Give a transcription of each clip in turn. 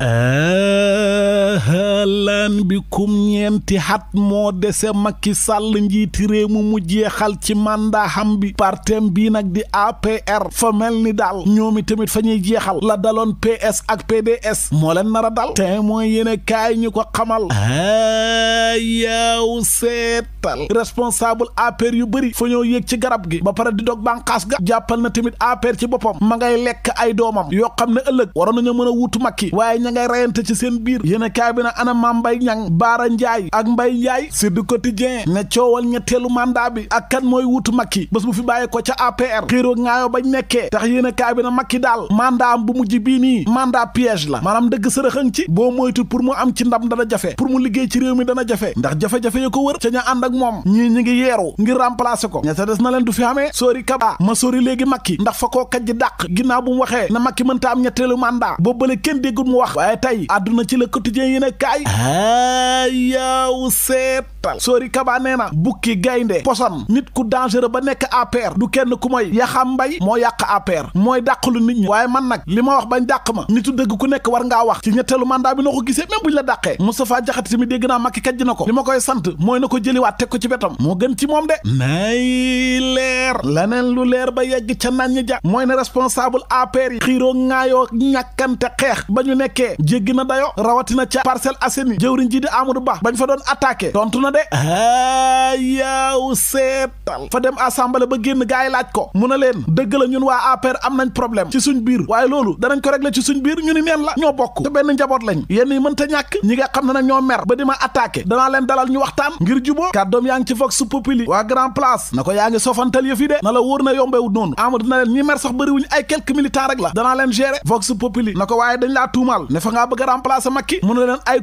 Uh... naan bikum ñeenti xat moo dese Macky Sall njiiti réew mu mu jeexal ci mandat xam bi par partem bii nag di APR fa mel ni daal ñoom tamit fa ñuy jeexal la daloon PS ak PDS moo leen nar a dal te mooy yéene kaay ñu ko xamal a yaaw seetal responsable APR yu bari fa ñoo yéeg ci garab gi ba pare di dog bànqaas ga jàppal na tamit APR ci boppam ma ngay lekk ay doomam yoo xam ne ëllëg waroon nañu mën a wuutu Macky waaye ña ngay reyante ci seen biir yéene kaay Mbaye Niang Baara Ndiaye ak Mbaye Ndiaye Sud Quotidien ne coowal ñetteelu mandat bi ak kan mooy wutu Macky bés bu fi bàyyee ko ca APR xiiroo ŋaayoo bañ nekkee tax yéen a kaay bi na Macky daal mandat am bu mujj bii nii mandat piège la maanaam dëgg sërëxën ci boo moytu pour mu am ci ndam dana jafe pour mu liggéey ci réew mi dana jafe ndax jafe-jafe ya ko wër ca ña ànd ak moom ñii ñi ngi yeeru ngir remplacer ko ña sa des na leen du fi xamee sóori kaba ma sóori léegi Macky ndax fa koo kaj ginnaaw bu mu waxee na Macky mënta am ñetteelu mandat boobale kenn déggul mu wax waaye tey àdduna ci le quotidien yéen a kaay ah. a yaaw seetal sóori kabaa nee na bukki gaynde poson nit ku dangereux ba nekk APR du kenn ku moy yaxam mbay moo yàq APR mooy lu nit ñi waaye man nag li ma wax bañ dàq ma nitu dëgg ku nekk war ngaa wax ci ñetteelu mandat bi noo ko gisee même buñ la dàqee Moustapha Diakhaté tamit dégg naa Macky kaj na ko li ma koy sant mooy na ko jëliwaat teg ko ci betam moo gën ci moom de nay leer laneen lu leer ba yegg ca naan ñi ja mooy ne responsable APR yi xiiroo ŋaayoo ñàkkante xeex ba ñu nekkee jéggi na dayo rawatina ca Parcelles Assainies jëwriñ ji di Ba bañ fa doon attaqué tontu na de a yaaw seetal fa dem assemblée ba génn gaay laaj ko mu leen dëgg la ñun waa APR am nañ problème ci suñ biir waaye loolu danañ ko régler ci suñ biir ñu ni neen la ñoo bokk te benn njaboot lañ yéen yi mën ta ñàkk ñi nga xam na nag ñoo mer ba di ma attaqué danaa leen dalal ñu waxtaan ngir juboo kàddoom yaa ngi ci Vox Populi waa Grand Place na ko yaa ngi sofantal yëf de na la wóor na yombewut noonu Amadou na a remplacer Macky mu ne leen ay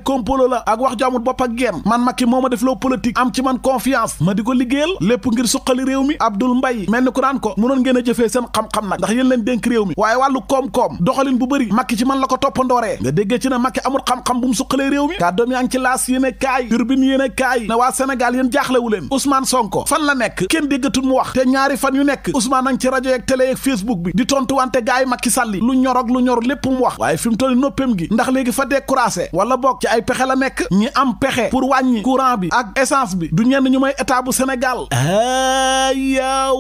ak wax ju amul bopp ak géem man Macky moo ma def loo politique am ci man confiance ma di ko liggéeyal lépp ngir suqali réew mi Abdoul mbay mel ni ku naan ko mënoon ngeen a jëfee seen xam-xam nag ndax yéen leen denk réew mi waaye wàllu koom-koom doxalin bu bëri Macky ci man la ko toppandooree nga déggee ci ne Macky amul xam-xam bu mu suqalee réew mi kàddoom yaa ngi ci laas yéene kaay turbine yéene kaay ne waa Sénégal yéen jaaxlewu leen Ousmane Sonko fan la nekk kenn déggatul mu wax ñaari fan yu nekk Ousmane nang ci rajo yeeg télé bi di tontu wante gaay Macky Sall lu ñorog lu ñor lépp mu wax waaye fi mu toll noppem gi ndax léegi fa découragé wala boog ci ay pexe la nekk ñi am pexe pour wàññi courant bi ak essance bi du ñenn ñu may état bu Sénégal a ah, yaaw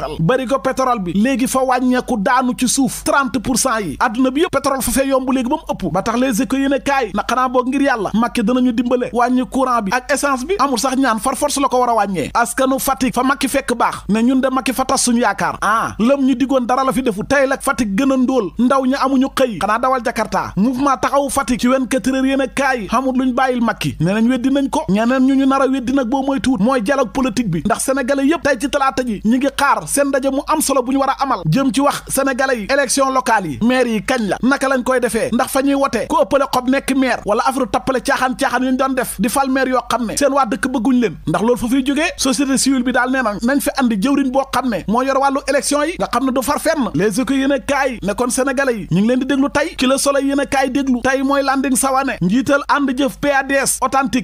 pétrole bari ko pétrole bi léegi fa wàññeeku daanu ci suuf 30 pour cent yi adduna bi yëpp pétrole fa fee yomb léegi ba mu ëpp ba tax les éco yéen e kaay na xanaa boog ngir yàlla Macky danañu dimbale wàññi courant bi ak essence bi amul sax ñaan far force la ko war a wàññee askanu Fatick fa Macky fekk baax ne ñun de Macky fa tas suñu yaakaar ah lëm ñu digoon dara la fi defu tey la Fatick gën a ndóol ndaw ña amuñu xëy xanaa dawal Jakarta mouvement taxawu Fatick ci wen katëréer yéen e kaay xamul luñ bàyyil Macky ñeneen nañ ko ñeneen ñu ñu nar a weddi nag boo mooy tuut mooy dialogue bi ndax sénégalais yëpp tey ci talaata ji ngi xaar seen daje mu am solo bu ñu war a amal jëm ci wax sénégalais yi élection locale yi maire yi kañ la naka lañ koy defee ndax fa ñuy wotee ku ëppale xob nekk maire wala affaire tappale caaxaan-caaxaan yu ñu def di fal maire yoo xam ne seen waa dëkk bëgguñ leen ndax loolu fa fiy jógee société civile bi daal nee na nañ fi andi jëwriñ boo xam ne moo yor wàllu élection yi nga xam ne du far fenn les éco yéen a ne kon sénégalais yi ñu ngi leen di déglu tey ci le soleil yéen a kaay déglu tey mooy landing sawane njiital ànd jëf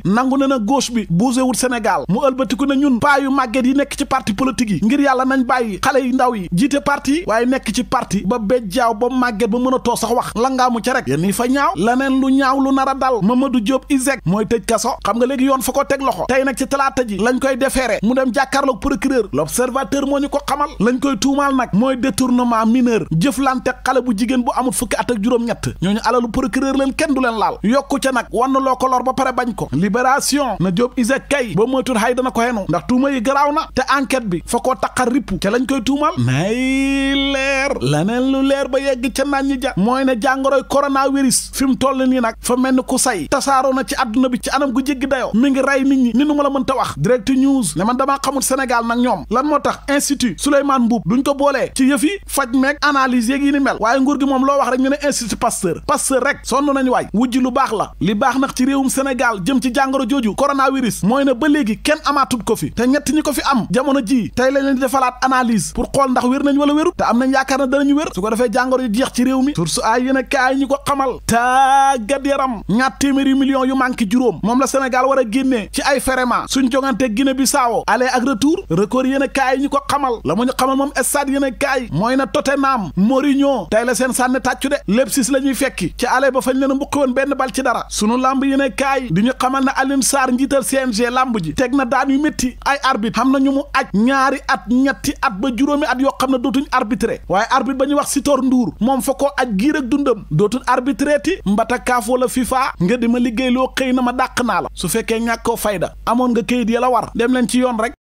nangu na na gauche bi bougé wut sénégal mu ëlbatiku ne yu màgget yi nekk ci parti politique yi ngir yàlla nañ bàyyi xale yu ndaw yi jiite parti waaye nekk ci parti ba bejjaaw ba màgget ba mën a toog sax wax la ngaamu ca rek yéen ñi fa ñaaw laneen lu ñaaw lu nar a dal Mamadou Diop ISEG mooy tëj kaso xam nga léegi yoon fa ko teg loxo tey nag ci talaata ji lañ koy defeere mu dem jàkkaarloog procureur l'observateur moo ñu ko xamal lañ koy tuumaal nag mooy détournement mineur jëflante xale bu jigéen bu amul fukki at ak juróom-ñett ñooñu alalu procureur kenn du leen laal yokku ca nag wann loo ko lor ba pare bañ ko ko xenu ndax tuuma yi garaaw na te enquête bi fa koo taqar ca lañ koy tuumal nay leer laneen lu leer ba yegg ca naan ñi ja mooy ne jàngoroy coronavirus fi mu toll nii nag fa mel ni ku say tasaaroo na ci adduna bi ci anam gu jéggi dayoo mi ngi rey nit ñi ni nu ma la mënta wax direct news ne man damaa xamul Sénégal nag ñoom lan moo tax institut Souleymane Mbuub duñ ko boolee ci yëf yi faj meeg analyse yeeg yi mel waaye nguur gi moom loo wax rek ñu ne institut Pasteur Pasteur rek sonn nañu waay wujj lu baax la li baax nag ci réewum Sénégal jëm ci jàngoro jooju coronavirus mooy ne ba léegi kenn amaatut ko fi te ñett ñi ko fi am jamono ji tey analyse pour xool ndax wér nañ wala wéru te am nañ yaakaar na danañu wér su ko defee jàngoro yi jeex ci réew mi source ay yéen a kaay ñi ko xamal tàggat yaram ñaar téeméeri millions yu manqué juróom moom la senegal war a génnee ci ay ferema suñ jongante Guinée Bissau aller ak retour record yéen a kaay ñi ko xamal la mu ñu xamal moom stade yéen a mooy na Tottenham Mourinho tey la seen sànni tàccu de Leipzig la ñuy fekki ci aller ba fañ leen mbuqi woon benn bal ci dara sunu lamb yéen a kaay di ñu xamal na Alioune Sarr njiital ji teg na daan yu métti ay xam na ñu mu aj ñaari at ñetti at ba juróomi at yoo xam ne dootuñ arbitré waaye arbitre ba ñuy wax Sitor nduur moom fa ko aj giir ak dundam dootuñ arbitré ti mbata kaaf wala FIFA nga di ma liggéey loo xëy na ma dàq naa la su fekkee ñàkkoo fayda amoon nga kayit ya la war dem leen ci yoon rek